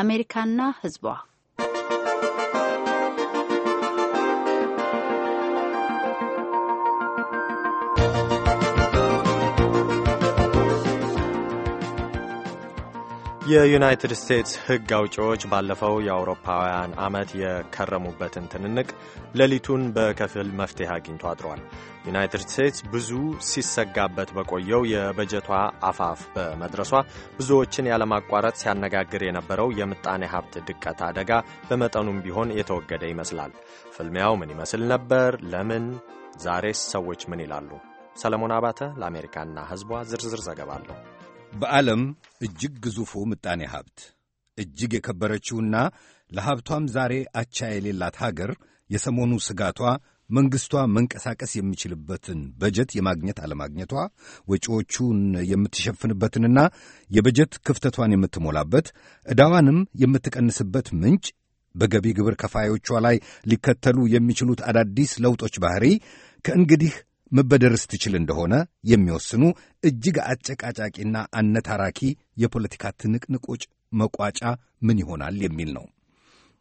አሜሪካና ህዝቧ የዩናይትድ ስቴትስ ሕግ አውጪዎች ባለፈው የአውሮፓውያን ዓመት የከረሙበትን ትንንቅ ሌሊቱን በከፊል መፍትሄ አግኝቶ አድሯል። ዩናይትድ ስቴትስ ብዙ ሲሰጋበት በቆየው የበጀቷ አፋፍ በመድረሷ ብዙዎችን ያለማቋረጥ ሲያነጋግር የነበረው የምጣኔ ሀብት ድቀት አደጋ በመጠኑም ቢሆን የተወገደ ይመስላል። ፍልሚያው ምን ይመስል ነበር? ለምን? ዛሬስ ሰዎች ምን ይላሉ? ሰለሞን አባተ ለአሜሪካና ሕዝቧ ዝርዝር ዘገባ አለው? በዓለም እጅግ ግዙፉ ምጣኔ ሀብት እጅግ የከበረችውና ለሀብቷም ዛሬ አቻ የሌላት ሀገር የሰሞኑ ስጋቷ መንግሥቷ መንቀሳቀስ የሚችልበትን በጀት የማግኘት አለማግኘቷ፣ ወጪዎቹን የምትሸፍንበትንና የበጀት ክፍተቷን የምትሞላበት ዕዳዋንም የምትቀንስበት ምንጭ በገቢ ግብር ከፋዮቿ ላይ ሊከተሉ የሚችሉት አዳዲስ ለውጦች ባሕሪ ከእንግዲህ መበደርስ ትችል እንደሆነ የሚወስኑ እጅግ አጨቃጫቂና አነታራኪ የፖለቲካ ትንቅንቆች መቋጫ ምን ይሆናል የሚል ነው።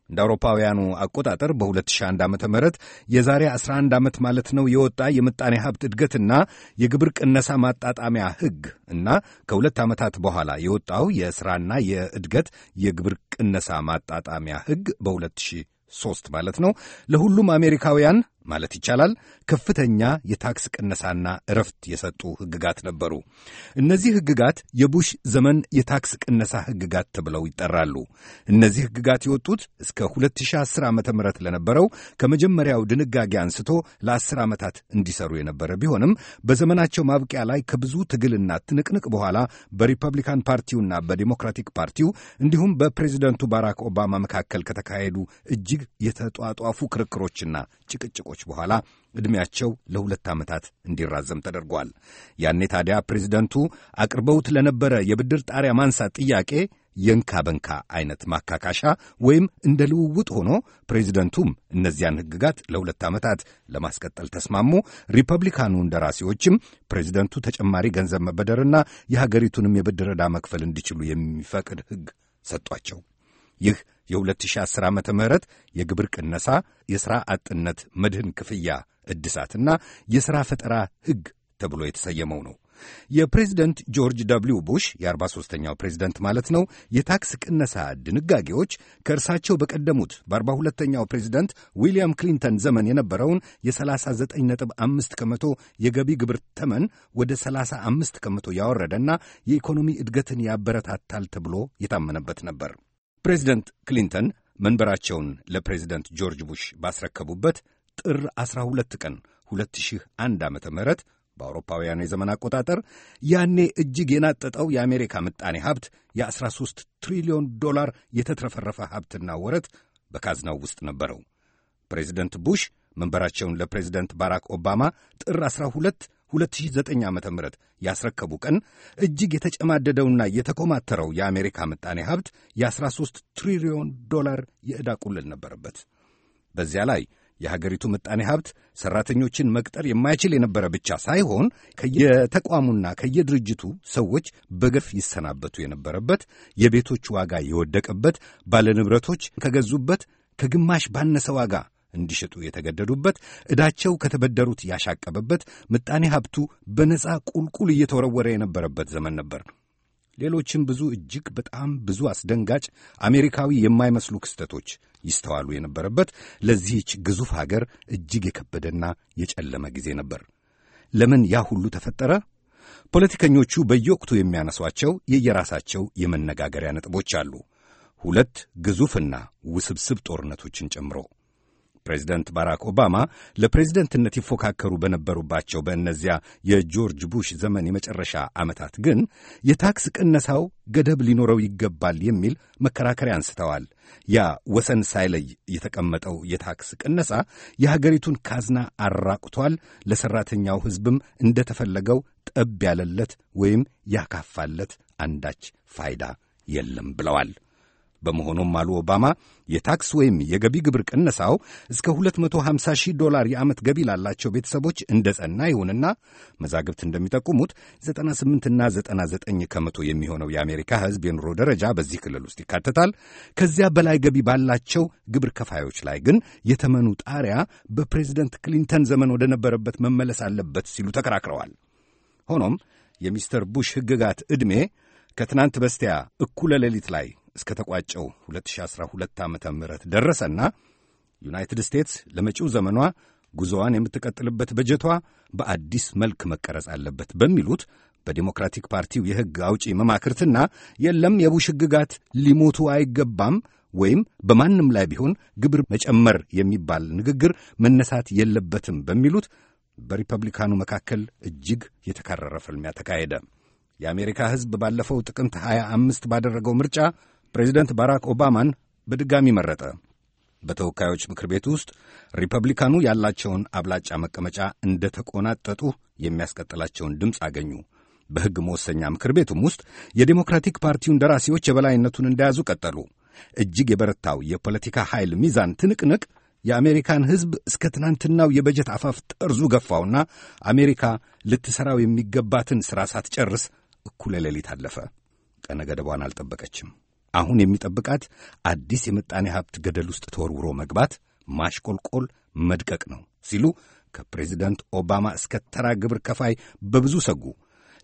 እንደ አውሮፓውያኑ አቆጣጠር በ2001 ዓ ም የዛሬ 11 ዓመት ማለት ነው የወጣ የምጣኔ ሀብት እድገትና የግብር ቅነሳ ማጣጣሚያ ሕግ እና ከሁለት ዓመታት በኋላ የወጣው የሥራና የእድገት የግብር ቅነሳ ማጣጣሚያ ሕግ በ2003 ማለት ነው ለሁሉም አሜሪካውያን ማለት ይቻላል ከፍተኛ የታክስ ቅነሳና እረፍት የሰጡ ህግጋት ነበሩ። እነዚህ ህግጋት የቡሽ ዘመን የታክስ ቅነሳ ህግጋት ተብለው ይጠራሉ። እነዚህ ህግጋት የወጡት እስከ 2010 ዓ ም ለነበረው ከመጀመሪያው ድንጋጌ አንስቶ ለአስር ዓመታት እንዲሰሩ የነበረ ቢሆንም በዘመናቸው ማብቂያ ላይ ከብዙ ትግልና ትንቅንቅ በኋላ በሪፐብሊካን ፓርቲውና በዲሞክራቲክ ፓርቲው እንዲሁም በፕሬዚደንቱ ባራክ ኦባማ መካከል ከተካሄዱ እጅግ የተጧጧፉ ክርክሮችና ጭቅጭቆች ከለውጦች በኋላ ዕድሜያቸው ለሁለት ዓመታት እንዲራዘም ተደርጓል። ያኔ ታዲያ ፕሬዚደንቱ አቅርበውት ለነበረ የብድር ጣሪያ ማንሳት ጥያቄ የእንካ በንካ አይነት ማካካሻ ወይም እንደ ልውውጥ ሆኖ ፕሬዚደንቱም እነዚያን ሕግጋት ለሁለት ዓመታት ለማስቀጠል ተስማሙ። ሪፐብሊካኑ እንደራሴዎችም ፕሬዚደንቱ ተጨማሪ ገንዘብ መበደርና የሀገሪቱንም የብድር ዕዳ መክፈል እንዲችሉ የሚፈቅድ ሕግ ሰጧቸው። ይህ የ2010 ዓ ም የግብር ቅነሳ፣ የሥራ አጥነት መድህን ክፍያ እድሳትና የሥራ ፈጠራ ሕግ ተብሎ የተሰየመው ነው። የፕሬዝደንት ጆርጅ ደብሊው ቡሽ የ43ኛው ፕሬዝደንት ማለት ነው። የታክስ ቅነሳ ድንጋጌዎች ከእርሳቸው በቀደሙት በ42ኛው ፕሬዝደንት ዊልያም ክሊንተን ዘመን የነበረውን የ39.5 ከመቶ የገቢ ግብር ተመን ወደ 35 ከመቶ ያወረደና የኢኮኖሚ እድገትን ያበረታታል ተብሎ የታመነበት ነበር። ፕሬዚደንት ክሊንተን መንበራቸውን ለፕሬዚደንት ጆርጅ ቡሽ ባስረከቡበት ጥር 12 ቀን 2001 ዓ ም በአውሮፓውያኑ የዘመን አቆጣጠር ያኔ እጅግ የናጠጠው የአሜሪካ ምጣኔ ሀብት የ13 ትሪሊዮን ዶላር የተትረፈረፈ ሀብትና ወረት በካዝናው ውስጥ ነበረው። ፕሬዚደንት ቡሽ መንበራቸውን ለፕሬዚደንት ባራክ ኦባማ ጥር 12 2009 ዓ ም ያስረከቡ ቀን እጅግ የተጨማደደውና የተኮማተረው የአሜሪካ ምጣኔ ሀብት የ13 ትሪሊዮን ዶላር የዕዳ ቁልል ነበረበት። በዚያ ላይ የሀገሪቱ ምጣኔ ሀብት ሠራተኞችን መቅጠር የማይችል የነበረ ብቻ ሳይሆን ከየተቋሙና ከየድርጅቱ ሰዎች በገፍ ይሰናበቱ የነበረበት፣ የቤቶች ዋጋ የወደቀበት፣ ባለንብረቶች ከገዙበት ከግማሽ ባነሰ ዋጋ እንዲሸጡ የተገደዱበት፣ ዕዳቸው ከተበደሩት ያሻቀበበት፣ ምጣኔ ሀብቱ በነፃ ቁልቁል እየተወረወረ የነበረበት ዘመን ነበር። ሌሎችም ብዙ እጅግ በጣም ብዙ አስደንጋጭ አሜሪካዊ የማይመስሉ ክስተቶች ይስተዋሉ የነበረበት ለዚህች ግዙፍ ሀገር እጅግ የከበደና የጨለመ ጊዜ ነበር። ለምን ያ ሁሉ ተፈጠረ? ፖለቲከኞቹ በየወቅቱ የሚያነሷቸው የየራሳቸው የመነጋገሪያ ነጥቦች አሉ። ሁለት ግዙፍና ውስብስብ ጦርነቶችን ጨምሮ ፕሬዚደንት ባራክ ኦባማ ለፕሬዚደንትነት ይፎካከሩ በነበሩባቸው በእነዚያ የጆርጅ ቡሽ ዘመን የመጨረሻ ዓመታት ግን የታክስ ቅነሳው ገደብ ሊኖረው ይገባል የሚል መከራከሪያ አንስተዋል። ያ ወሰን ሳይለይ የተቀመጠው የታክስ ቅነሳ የሀገሪቱን ካዝና አራቅቷል፣ ለሠራተኛው ሕዝብም እንደተፈለገው ጠብ ያለለት ወይም ያካፋለት አንዳች ፋይዳ የለም ብለዋል። በመሆኑም አሉ ኦባማ የታክስ ወይም የገቢ ግብር ቅነሳው እስከ 250 ሺህ ዶላር የዓመት ገቢ ላላቸው ቤተሰቦች እንደ ጸና ይሁንና መዛግብት እንደሚጠቁሙት 98ና 99 ከመቶ የሚሆነው የአሜሪካ ሕዝብ የኑሮ ደረጃ በዚህ ክልል ውስጥ ይካተታል። ከዚያ በላይ ገቢ ባላቸው ግብር ከፋዮች ላይ ግን የተመኑ ጣሪያ በፕሬዚደንት ክሊንተን ዘመን ወደነበረበት መመለስ አለበት ሲሉ ተከራክረዋል። ሆኖም የሚስተር ቡሽ ሕግጋት ዕድሜ ከትናንት በስቲያ እኩለ ሌሊት ላይ እስከ ተቋጨው 2012 ዓ ም ደረሰና ዩናይትድ ስቴትስ ለመጪው ዘመኗ ጉዞዋን የምትቀጥልበት በጀቷ በአዲስ መልክ መቀረጽ አለበት በሚሉት በዲሞክራቲክ ፓርቲው የሕግ አውጪ መማክርትና የለም የቡሽ ሕግጋት ሊሞቱ አይገባም ወይም በማንም ላይ ቢሆን ግብር መጨመር የሚባል ንግግር መነሳት የለበትም በሚሉት በሪፐብሊካኑ መካከል እጅግ የተካረረ ፍልሚያ ተካሄደ። የአሜሪካ ሕዝብ ባለፈው ጥቅምት 25 ባደረገው ምርጫ ፕሬዚደንት ባራክ ኦባማን በድጋሚ መረጠ። በተወካዮች ምክር ቤት ውስጥ ሪፐብሊካኑ ያላቸውን አብላጫ መቀመጫ እንደተቆናጠጡ የሚያስቀጥላቸውን ድምፅ አገኙ። በሕግ መወሰኛ ምክር ቤቱም ውስጥ የዴሞክራቲክ ፓርቲውን ደራሲዎች የበላይነቱን እንደያዙ ቀጠሉ። እጅግ የበረታው የፖለቲካ ኃይል ሚዛን ትንቅንቅ የአሜሪካን ሕዝብ እስከ ትናንትናው የበጀት አፋፍ ጠርዙ ገፋውና አሜሪካ ልትሠራው የሚገባትን ሥራ ሳትጨርስ እኩለ ሌሊት አለፈ። ቀነ ገደቧን አልጠበቀችም። አሁን የሚጠብቃት አዲስ የምጣኔ ሀብት ገደል ውስጥ ተወርውሮ መግባት፣ ማሽቆልቆል፣ መድቀቅ ነው ሲሉ ከፕሬዚደንት ኦባማ እስከ ተራ ግብር ከፋይ በብዙ ሰጉ።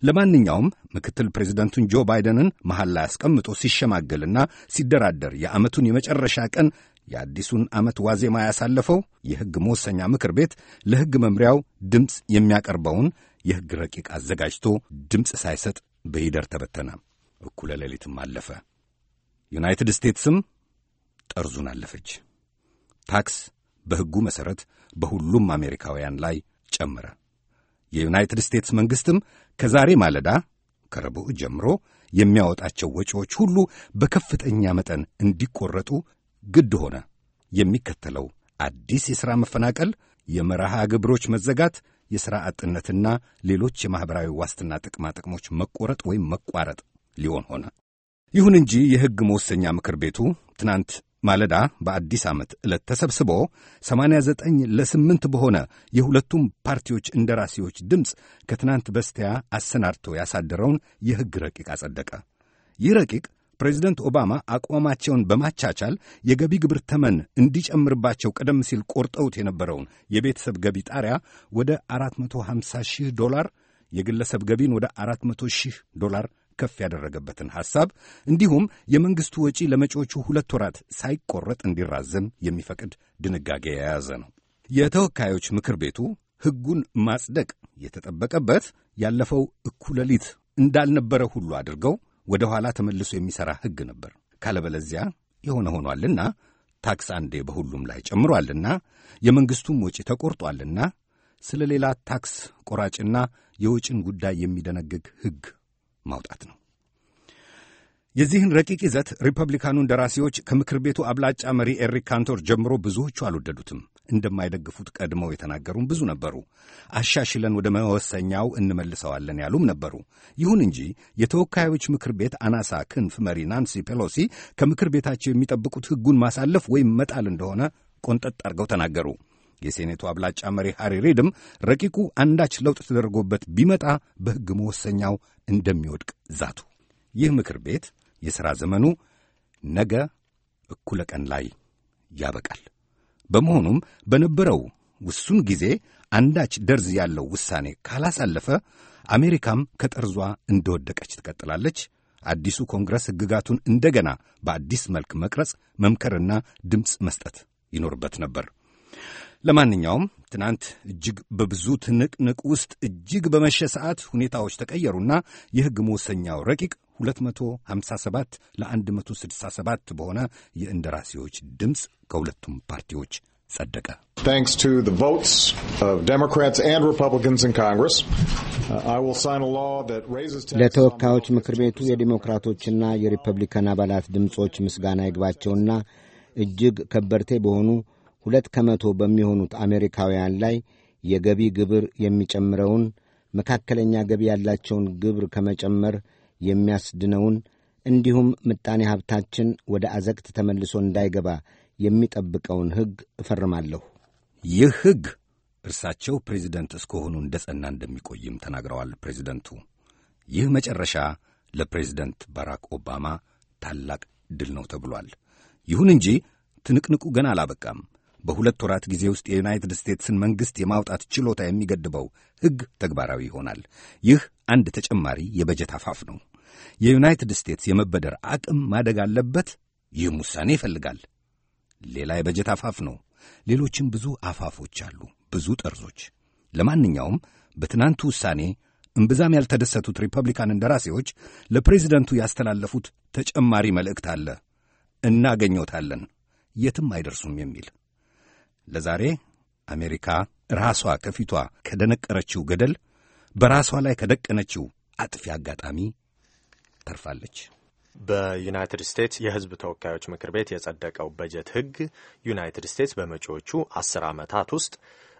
ለማንኛውም ምክትል ፕሬዚደንቱን ጆ ባይደንን መሐል ላይ አስቀምጦ ሲሸማገልና ሲደራደር የዓመቱን የመጨረሻ ቀን የአዲሱን ዓመት ዋዜማ ያሳለፈው የሕግ መወሰኛ ምክር ቤት ለሕግ መምሪያው ድምፅ የሚያቀርበውን የሕግ ረቂቅ አዘጋጅቶ ድምፅ ሳይሰጥ በሂደር ተበተነ። እኩለ ሌሊትም አለፈ። ዩናይትድ ስቴትስም ጠርዙን አለፈች። ታክስ በሕጉ መሠረት በሁሉም አሜሪካውያን ላይ ጨመረ። የዩናይትድ ስቴትስ መንግሥትም ከዛሬ ማለዳ ከረቡዕ ጀምሮ የሚያወጣቸው ወጪዎች ሁሉ በከፍተኛ መጠን እንዲቆረጡ ግድ ሆነ። የሚከተለው አዲስ የሥራ መፈናቀል፣ የመርሃ ግብሮች መዘጋት፣ የሥራ አጥነትና ሌሎች የማኅበራዊ ዋስትና ጥቅማ ጥቅሞች መቆረጥ ወይም መቋረጥ ሊሆን ሆነ። ይሁን እንጂ የሕግ መወሰኛ ምክር ቤቱ ትናንት ማለዳ በአዲስ ዓመት ዕለት ተሰብስቦ 89 ለ8 በሆነ የሁለቱም ፓርቲዎች እንደራሴዎች ድምፅ ከትናንት በስቲያ አሰናድቶ ያሳደረውን የሕግ ረቂቅ አጸደቀ። ይህ ረቂቅ ፕሬዚደንት ኦባማ አቋማቸውን በማቻቻል የገቢ ግብር ተመን እንዲጨምርባቸው ቀደም ሲል ቆርጠውት የነበረውን የቤተሰብ ገቢ ጣሪያ ወደ 450 ሺህ ዶላር፣ የግለሰብ ገቢን ወደ 400 ሺህ ዶላር ከፍ ያደረገበትን ሐሳብ እንዲሁም የመንግሥቱ ወጪ ለመጪዎቹ ሁለት ወራት ሳይቆረጥ እንዲራዘም የሚፈቅድ ድንጋጌ የያዘ ነው። የተወካዮች ምክር ቤቱ ሕጉን ማጽደቅ የተጠበቀበት ያለፈው እኩለሊት እንዳልነበረ ሁሉ አድርገው ወደ ኋላ ተመልሶ የሚሠራ ሕግ ነበር። ካለበለዚያ የሆነ ሆኗልና ታክስ አንዴ በሁሉም ላይ ጨምሯልና የመንግሥቱም ወጪ ተቆርጧልና ስለ ሌላ ታክስ ቆራጭና የወጪን ጉዳይ የሚደነግግ ሕግ ማውጣት ነው። የዚህን ረቂቅ ይዘት ሪፐብሊካኑ እንደራሴዎች ከምክር ቤቱ አብላጫ መሪ ኤሪክ ካንቶር ጀምሮ ብዙዎቹ አልወደዱትም። እንደማይደግፉት ቀድመው የተናገሩም ብዙ ነበሩ። አሻሽለን ወደ መወሰኛው እንመልሰዋለን ያሉም ነበሩ። ይሁን እንጂ የተወካዮች ምክር ቤት አናሳ ክንፍ መሪ ናንሲ ፔሎሲ ከምክር ቤታቸው የሚጠብቁት ሕጉን ማሳለፍ ወይም መጣል እንደሆነ ቆንጠጥ አድርገው ተናገሩ። የሴኔቱ አብላጫ መሪ ሃሪ ሪድም ረቂቁ አንዳች ለውጥ ተደርጎበት ቢመጣ በሕግ መወሰኛው እንደሚወድቅ ዛቱ። ይህ ምክር ቤት የሥራ ዘመኑ ነገ እኩለ ቀን ላይ ያበቃል። በመሆኑም በነበረው ውሱን ጊዜ አንዳች ደርዝ ያለው ውሳኔ ካላሳለፈ አሜሪካም ከጠርዟ እንደወደቀች ትቀጥላለች። አዲሱ ኮንግረስ ሕግጋቱን እንደገና በአዲስ መልክ መቅረጽ፣ መምከርና ድምፅ መስጠት ይኖርበት ነበር። ለማንኛውም ትናንት እጅግ በብዙ ትንቅንቅ ውስጥ እጅግ በመሸ ሰዓት ሁኔታዎች ተቀየሩና የሕግ መወሰኛው ረቂቅ 257 ለ167 በሆነ የእንደራሴዎች ድምፅ ከሁለቱም ፓርቲዎች ጸደቀ። ለተወካዮች ምክር ቤቱ የዲሞክራቶችና የሪፐብሊካን አባላት ድምፆች ምስጋና ይግባቸውና እጅግ ከበርቴ በሆኑ ሁለት ከመቶ በሚሆኑት አሜሪካውያን ላይ የገቢ ግብር የሚጨምረውን መካከለኛ ገቢ ያላቸውን ግብር ከመጨመር የሚያስድነውን እንዲሁም ምጣኔ ሀብታችን ወደ አዘቅት ተመልሶ እንዳይገባ የሚጠብቀውን ሕግ እፈርማለሁ። ይህ ሕግ እርሳቸው ፕሬዚደንት እስከሆኑ እንደ ጸና እንደሚቆይም ተናግረዋል ፕሬዚደንቱ። ይህ መጨረሻ ለፕሬዚደንት ባራክ ኦባማ ታላቅ ድል ነው ተብሏል። ይሁን እንጂ ትንቅንቁ ገና አላበቃም። በሁለት ወራት ጊዜ ውስጥ የዩናይትድ ስቴትስን መንግሥት የማውጣት ችሎታ የሚገድበው ሕግ ተግባራዊ ይሆናል። ይህ አንድ ተጨማሪ የበጀት አፋፍ ነው። የዩናይትድ ስቴትስ የመበደር አቅም ማደግ አለበት። ይህም ውሳኔ ይፈልጋል። ሌላ የበጀት አፋፍ ነው። ሌሎችም ብዙ አፋፎች አሉ፣ ብዙ ጠርዞች። ለማንኛውም በትናንቱ ውሳኔ እምብዛም ያልተደሰቱት ሪፐብሊካን እንደራሴዎች ለፕሬዚደንቱ ያስተላለፉት ተጨማሪ መልእክት አለ። እናገኘታለን፣ የትም አይደርሱም የሚል ለዛሬ አሜሪካ ራሷ ከፊቷ ከደነቀረችው ገደል በራሷ ላይ ከደቀነችው አጥፊ አጋጣሚ ተርፋለች። በዩናይትድ ስቴትስ የሕዝብ ተወካዮች ምክር ቤት የጸደቀው በጀት ሕግ ዩናይትድ ስቴትስ በመጪዎቹ አስር ዓመታት ውስጥ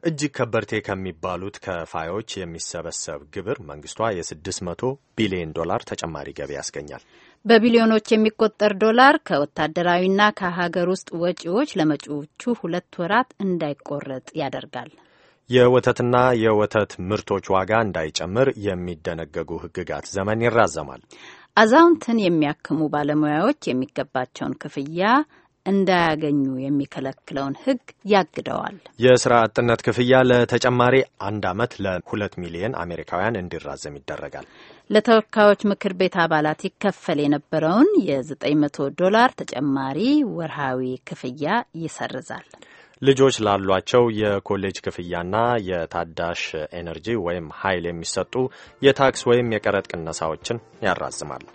እጅግ ከበርቴ ከሚባሉት ከፋዮች የሚሰበሰብ ግብር መንግስቷ የ600 ቢሊዮን ዶላር ተጨማሪ ገቢ ያስገኛል። በቢሊዮኖች የሚቆጠር ዶላር ከወታደራዊና ከሀገር ውስጥ ወጪዎች ለመጪዎቹ ሁለት ወራት እንዳይቆረጥ ያደርጋል። የወተትና የወተት ምርቶች ዋጋ እንዳይጨምር የሚደነገጉ ሕግጋት ዘመን ይራዘማል። አዛውንትን የሚያክሙ ባለሙያዎች የሚገባቸውን ክፍያ እንዳያገኙ የሚከለክለውን ሕግ ያግደዋል። የስራ አጥነት ክፍያ ለተጨማሪ አንድ ዓመት ለሁለት ሚሊዮን አሜሪካውያን እንዲራዘም ይደረጋል። ለተወካዮች ምክር ቤት አባላት ይከፈል የነበረውን የ900 ዶላር ተጨማሪ ወርሃዊ ክፍያ ይሰርዛል። ልጆች ላሏቸው የኮሌጅ ክፍያና የታዳሽ ኤነርጂ ወይም ኃይል የሚሰጡ የታክስ ወይም የቀረጥ ቅነሳዎችን ያራዝማል።